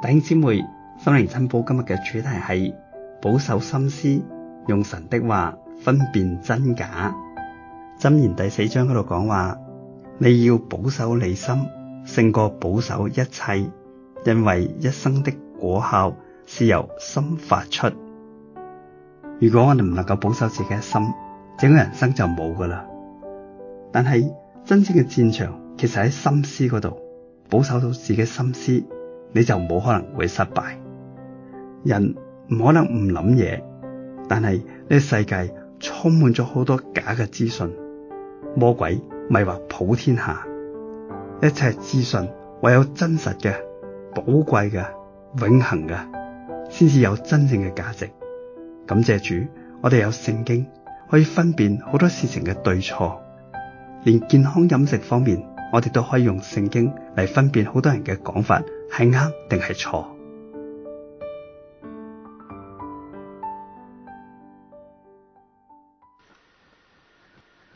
弟兄姊妹，心靈珍寶今日嘅主題係保守心思，用神的話分辨真假。箴言第四章嗰度講話，你要保守你心，勝過保守一切，因為一生的果效是由心發出。如果我哋唔能夠保守自己嘅心，整個人生就冇噶啦。但係真正嘅戰場，其實喺心思嗰度，保守到自己的心思。你就冇可能會失敗。人唔可能唔諗嘢，但係呢世界充滿咗好多假嘅資訊，魔鬼迷惑普天下。一切資訊，唯有真實嘅、寶貴嘅、永恒嘅，先至有真正嘅價值。感謝主，我哋有聖經可以分辨好多事情嘅對錯，連健康飲食方面，我哋都可以用聖經嚟分辨好多人嘅講法。係啱定係錯？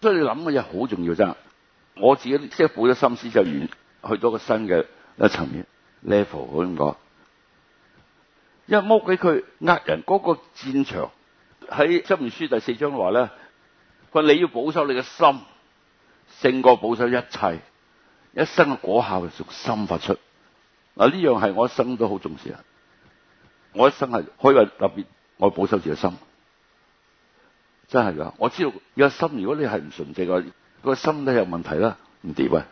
所以你諗嘅嘢好重要。真，我自己即係付咗心思就，就完去到個新嘅一層面 level。我點講？因為剝起佢呃人嗰個戰場喺《箴言書》第四章話咧，話你要保守你嘅心勝過保守一切，一生嘅果效係從心發出。嗱，呢樣係我一生都好重視啊！我一生係可以話特別，我保守自己的心，真係噶！我知道而家心，如果你係唔純正啊，個心都有問題啦，唔掂啊！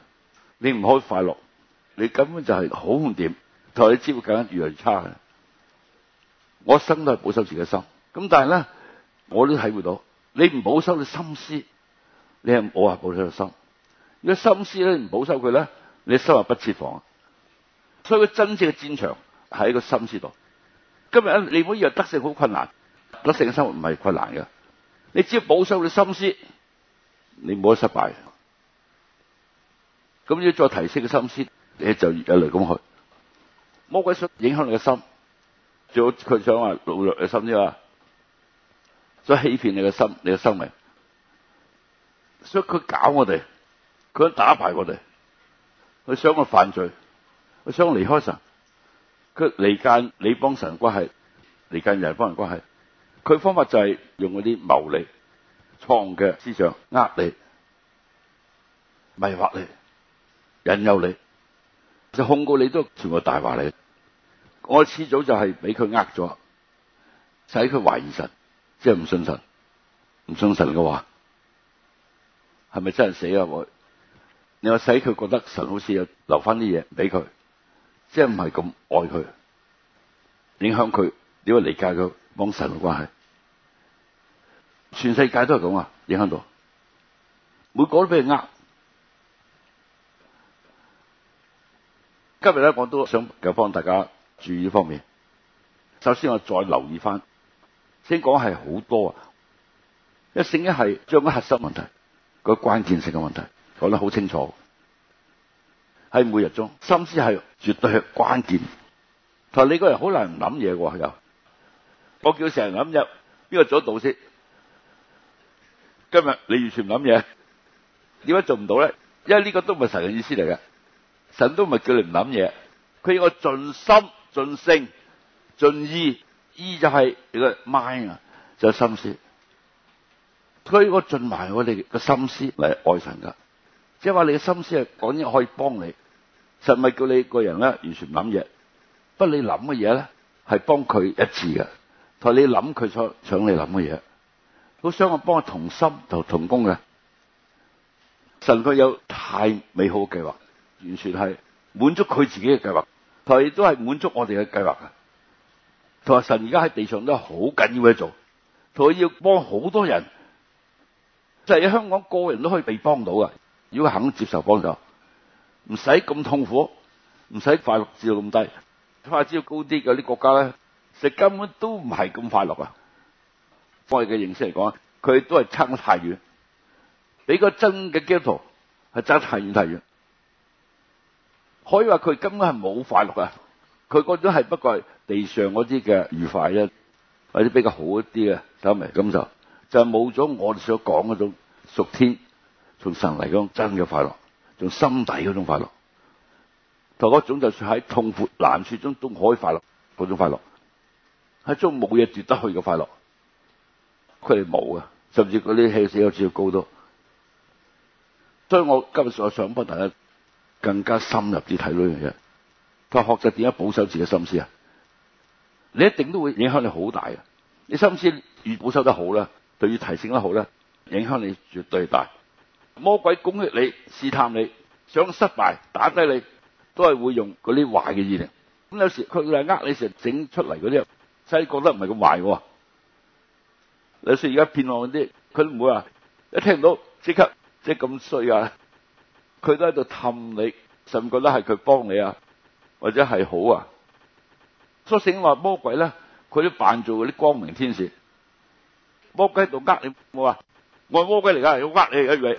你唔可以快樂，你根本就係好唔掂，同你知會，更加越嚟越差嘅。我一生都係保守自己的心，咁但係咧，我都體會到，你唔保守你心思，你係我話保守個心，如果心思咧唔保守佢咧，你心入不設防。所以佢真正嘅戰場喺一個心思度。今日你唔好以為得勝好困難，得勝嘅生活唔係困難嘅。你只要保守你心思，你唔好失敗。咁要再提升個心思，你就越嚟咁去。魔鬼想影響你嘅心，最好佢想話擄掠你心啲話，想欺騙你嘅心，你嘅生命。所以佢搞我哋，佢打敗我哋，佢想我犯罪。想離開神，佢離間你幫神關係，離間人幫人關係。佢方法就係用嗰啲謀利、創嘅思想，呃你、迷惑你、引誘你，就控告你都全部大話嚟。我遲早就係俾佢呃咗，使佢懷疑神，即係唔信神，唔信神嘅話，係咪真係死啊？我你話使佢覺得神好似有留翻啲嘢俾佢。即係唔係咁愛佢，影響佢，點解理解佢幫神嘅關係？全世界都係咁啊，影響到，每個都俾人呃。今日咧，我都想又幫大家注意呢方面。首先，我再留意翻，先講係好多啊，一成一係，將個核心問題、個關鍵性嘅問題講得好清楚。喺每日中心思係絕對係關鍵。佢你個人好難唔諗嘢喎又，我叫成日諗嘢，邊個做得到先？今日你完全唔諗嘢，點解做唔到咧？因為呢個都唔係神嘅意思嚟嘅，神都唔係叫你唔諗嘢，佢要我盡心、盡性、盡意。意就係你個 mind 啊，就是心思。佢要我盡埋我哋嘅心思嚟愛神噶即係話你嘅心思係講嘢可以幫你，神咪叫你個人咧，完全唔諗嘢，不過你諗嘅嘢咧，係幫佢一致嘅，同你諗佢想你諗嘅嘢，好想我幫同心同同工嘅。神佢有太美好嘅計劃，完全係滿足佢自己嘅計劃，同係亦都係滿足我哋嘅計劃嘅，同埋神而家喺地上都係好緊要嘅做，同佢要幫好多人，就係喺香港個人都可以被幫到嘅。如果肯接受幫助，唔使咁痛苦，唔使快樂至到咁低，快樂只要高啲嗰啲國家呢，其實根本都唔係咁快樂啊。我哋嘅認識嚟講，佢都係差太遠，比個真嘅基督徒係差太遠太遠，可以話佢根本係冇快樂呀。佢嗰種係不過係地上嗰啲嘅愉快咧，或者比較好一啲嘅收尾感受，就係冇咗我哋所講嗰種屬天。從神嚟嗰種真嘅快樂，從心底嗰種快樂，同嗰種就算喺痛苦難處中都可以快樂嗰種快樂，喺中冇嘢奪得去嘅快樂，佢哋冇嘅，甚至嗰啲氣死又要高多。所以我今日上上翻，大家更加深入啲睇呢樣嘢。佢學習點樣保守自己的心思啊？你一定都會影響你好大嘅。你心思如保守得好咧，對於提升得好咧，影響你絕對大。魔鬼攻擊你、試探你、想失敗打低你，都係會用嗰啲壞嘅意念。咁有時佢要呃你成日整出嚟嗰啲又使你覺得唔係咁壞喎。有時而家騙案嗰啲，佢唔會話一聽到即刻即咁衰啊！佢都喺度氹你，甚至覺得係佢幫你啊，或者係好啊。所以醒話魔鬼咧，佢都扮做嗰啲光明天使，魔鬼喺度呃你，我話我係魔鬼嚟噶，要呃你嘅。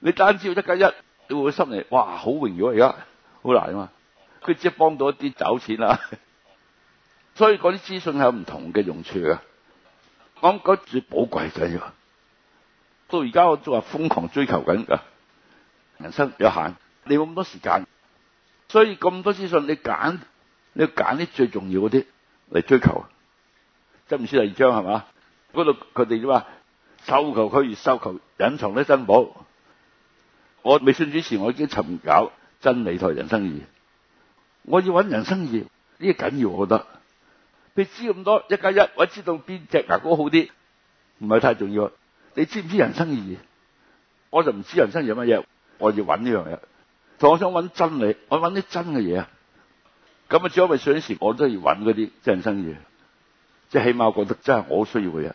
你單照一加一，你會心諗嘩，好榮耀！而家好難啊嘛，佢只係幫到一啲找錢啦。所以嗰啲資訊係有唔同嘅用處嘅，講嗰住寶貴緊嘅、這個。到而家我都話瘋狂追求緊㗎，人生有限，你冇咁多時間，所以咁多資訊你揀，你要揀啲最重要嗰啲嚟追求。箴言書第二章係嘛？嗰度佢哋話：搜求佢，如搜求隱藏啲珍寶。我未信主前我已經尋找真理同人生意，我要揾人生意呢個緊要，我覺得你知咁多一加一，我知道邊隻牙膏好啲，唔係太重要。你知唔知人生意？我就唔知人生意係乜嘢，我要揾呢樣嘢。同我想揾真理，我揾啲真嘅嘢啊！咁啊，所以我未信主前，我都要揾嗰啲真人生意，即係起碼我覺得真係我需要嘅嘢。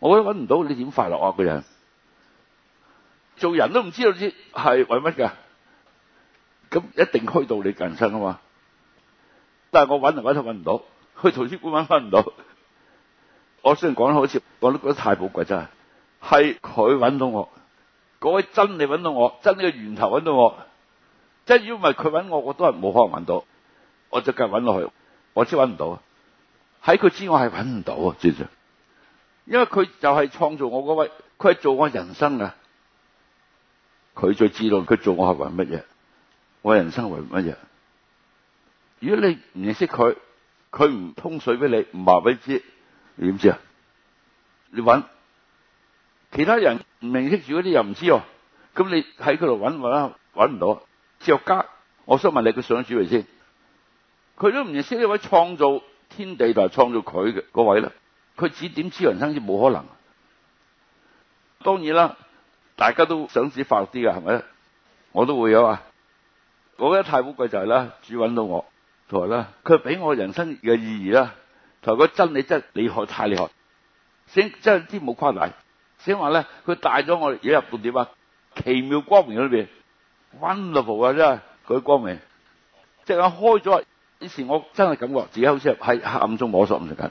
我如果揾唔到，你點快樂啊？個人？做人都唔知道，知係為乜噶咁一定去到你人生啊！嘛，但係我搵嚟搵都搵唔到，去圖書館搵返唔到。我雖然講得好似我都覺得太寶貴，真係係佢搵到我，嗰位真你搵到我，真嘅源頭搵到我。真如果唔係佢搵我，我都係冇可能搵到。我就近搵落去，我知搵唔到。喺佢之外係搵唔到，知唔知？因為佢就係創造我嗰位，佢係做我人生噶。佢最知道佢做我係為乜嘢，我人生為乜嘢？如果你唔認識佢，佢唔通水俾你，唔話俾你知，你點知啊？你揾其他人唔認識住嗰啲又唔知喎，咁你喺佢度揾，揾揾唔到。哲學家，我想問你，佢想主未先？佢都唔認識呢位創造天地係創造佢嘅嗰位咧，佢指點知人生，冇可能。當然啦。大家都想煮快啲噶，係咪？我都會啊，我覺得太寶貴就係啦，主搵到我，同埋啦佢俾我人生嘅意義啦，同埋佢真理真厲害，太厲害。先真啲冇誇大，先話咧，佢帶咗我入到點啊？奇妙光明裏邊，wonderful 啊，真係佢光明，即係開咗。以前我真係感覺自己好似喺黑暗中摸索咁樣，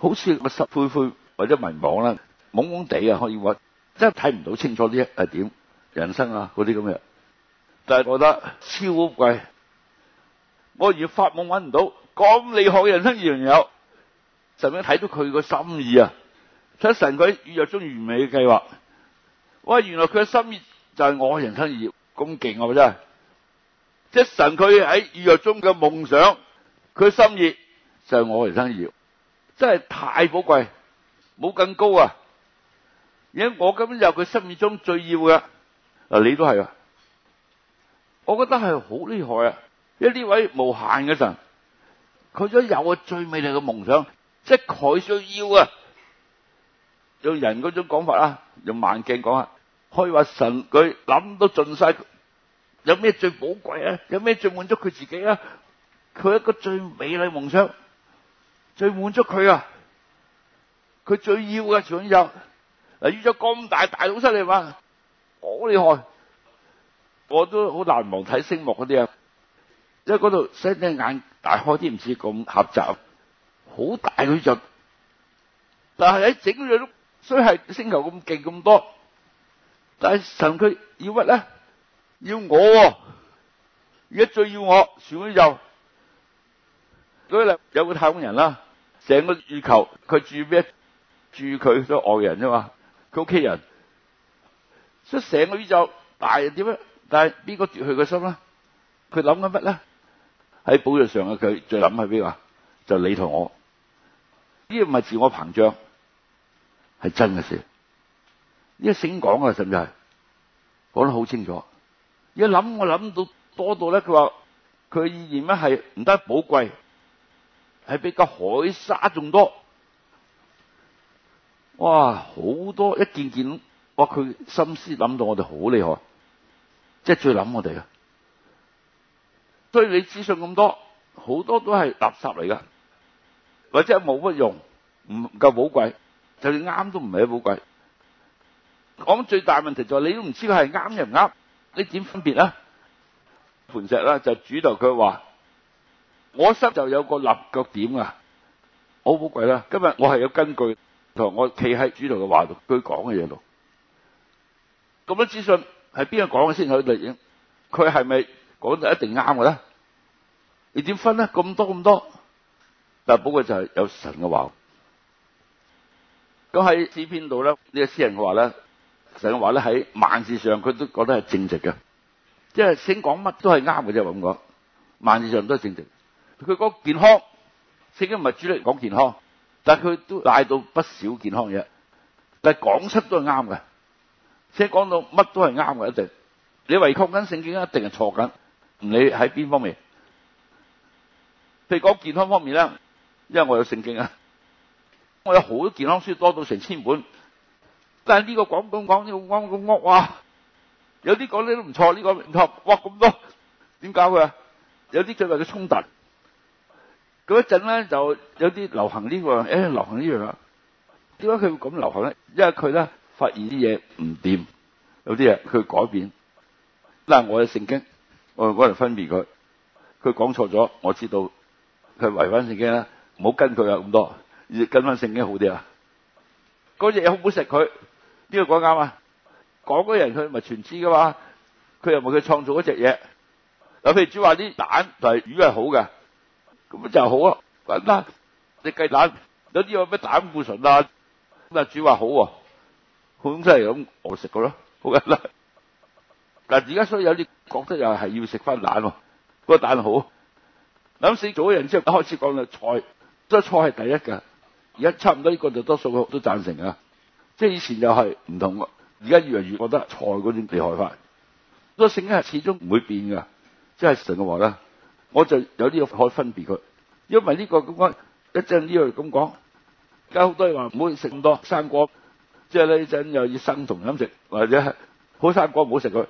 好似個灰灰或者迷惘啦，懵懵地啊可以話。真係睇唔到清楚呢一係點人生啊，嗰啲咁嘅，但係覺得超貴。我而發夢揾唔到咁你學人生二樣有，就至睇到佢個心意啊！出神佢預約中完美嘅計劃，哇、哎！原來佢嘅心意就係我嘅人生二，咁勁啊，真係！即神佢喺預約中嘅夢想，佢嘅心意就係我嘅人生二，真係太寶貴，冇咁高啊！而我今日佢心意中最要嘅啊，你都係啊，我覺得係好厲害啊！因為呢位無限嘅神，佢都有個最美麗嘅夢想，即係佢需要啊。用人嗰種講法啦，用望鏡講啊，可以話神佢諗到盡晒，有咩最寶貴啊？有咩最滿足佢自己啊？佢係一個最美麗夢想，最滿足佢啊！佢最要嘅所有。啊！遇到咁大大佬出嚟嘛，好厲害！我都好難忘睇星幕嗰啲啊，因為嗰度星星眼大開啲，唔似咁狹窄，好大佢就，但係喺整裏都雖係星球咁勁咁多，但係神佢要乜咧？要我，一再要我，船尾就，嗰啲嚟有個太空人啦，成個月球佢住咩？住佢都外人啫嘛。佢屋企人，所以成個宇宙大又點咧？但係邊個奪去佢個心啦？佢諗緊乜咧？喺寶座上嘅佢，再諗係邊個？就係你同我，呢個唔係自我膨脹，係真嘅事。呢個聖講嘅，甚至係講得好清楚。一諗我諗到多到咧，佢話佢嘅意念咧係唔得寶貴，係比個海沙仲多。哇！好多一件件，哇！佢心思諗到我哋好厲害，即係最諗我哋嘅！所以你資訊咁多，好多都係垃圾嚟噶，或者冇乜用，唔夠寶貴，就算啱都唔係啲寶貴。講最大問題就係你都唔知佢係啱又唔啱，你點分別啊？盤石啦，就主導佢話我心就有個立腳點啊！好寶貴啦，今日我係有根據。同我企喺主導嘅話度，佢講嘅嘢度，咁多資訊係邊個講嘅先可以對應？佢係咪講就一定啱嘅咧？你點分咧？咁多咁多，但係寶貴就係有神嘅話。咁喺詩篇度咧，呢個詩人嘅話咧，神嘅話咧喺萬事上佢都覺得係正直嘅，即係聖經講乜都係啱嘅啫，話咁講，萬事上都係正直。佢講健康，聖經唔係主力講健康。但係佢都帶到不少健康嘢，但係講出都係啱嘅，即係講到乜都係啱嘅一定。你違抗緊聖經一定係錯緊，唔理喺邊方面。譬如講健康方面咧，因為我有聖經啊，我有好多健康書多到成千本，但係呢個講講講呢個講咁講，哇！有啲講呢都唔錯，呢、這個唔錯，哇咁多，點解佢呀？有啲就為嘅衝突。嗰一陣咧就有啲流、這個哎流、這個、流行呢個，誒流行呢樣啊？點解佢會咁流行咧？因為佢咧發現啲嘢唔掂，有啲嘢佢改變。嗱，我嘅聖經，我個人分辨佢，佢講錯咗，我知道佢違反聖經啦，唔好跟佢啊咁多，跟翻聖經好啲啊。嗰隻嘢好唔好食佢？呢、這個講啱啊！講嗰人佢唔係全知噶嘛，佢又話佢創造嗰隻嘢。有譬如主話啲蛋是，但係魚係好嘅。咁咪就好咯、啊、簡單。食雞蛋有啲話咩膽固醇啊，咁阿主話好喎、啊，好真係咁我食嘅咯，好簡單、啊。嗱，而家所以有啲覺得又係要食翻蛋喎、啊，那個蛋好。諗死咗嘅人之後開始講啦，菜，即係菜係第一㗎。而家差唔多呢個就多數都贊成啊，即係以前又係唔同喎，而家越嚟越覺得菜嗰種嚟開發。個性格始終唔會變噶，即係成個話。啦。我就有呢個可以分別佢，因為呢、這個咁講一陣，呢個咁講。而家好多人話唔好食咁多生果，即係呢陣又要生酮飲食，或者係好生果唔好食佢，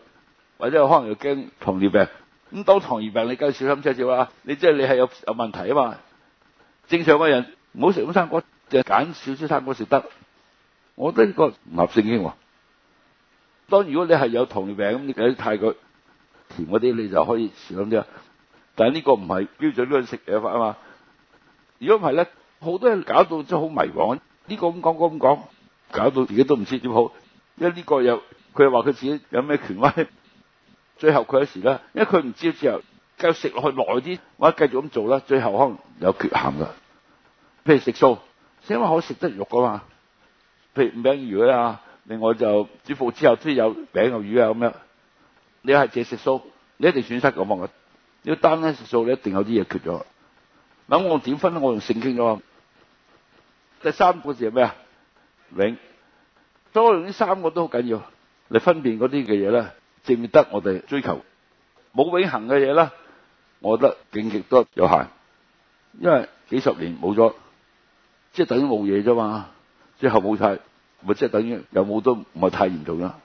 或者可能又驚糖尿病。咁當糖尿病你梗小心飲少食啦，你即係你係有有問題啊嘛。正常嘅人唔好食咁生果，就減少少生果食得。我覺得呢個唔合聖經。當如果你係有糖尿病咁，你太佢甜嗰啲，你就可以少飲啲。但係呢個唔係標準嘅食嘢法啊嘛！如果唔係咧，好多人搞到真係好迷惘。呢個咁講，嗰咁講，搞到自己都唔知點好。因為呢個又佢又話佢自己有咩權威，最後佢有時咧，因為佢唔知之後繼續食落去耐啲，或者繼續咁做啦，最後可能有缺陷㗎。譬如食素，因為可食得肉㗎嘛。譬如餅魚啊，另外就煮餸之後都有餅有魚啊咁樣。你係借食素，你一定損失咁。要、這個、單呢數咧一定有啲嘢缺咗。咁我點分咧？我用聖經咗。第三個字係咩啊？永。所以我用呢三個都好緊要你分辨嗰啲嘅嘢咧，值得我哋追求。冇永恆嘅嘢咧，我覺得勁極都有限。因為幾十年冇咗，即係等於冇嘢啫嘛。即係後冇晒，咪即係等於有冇都唔係太嚴重啦。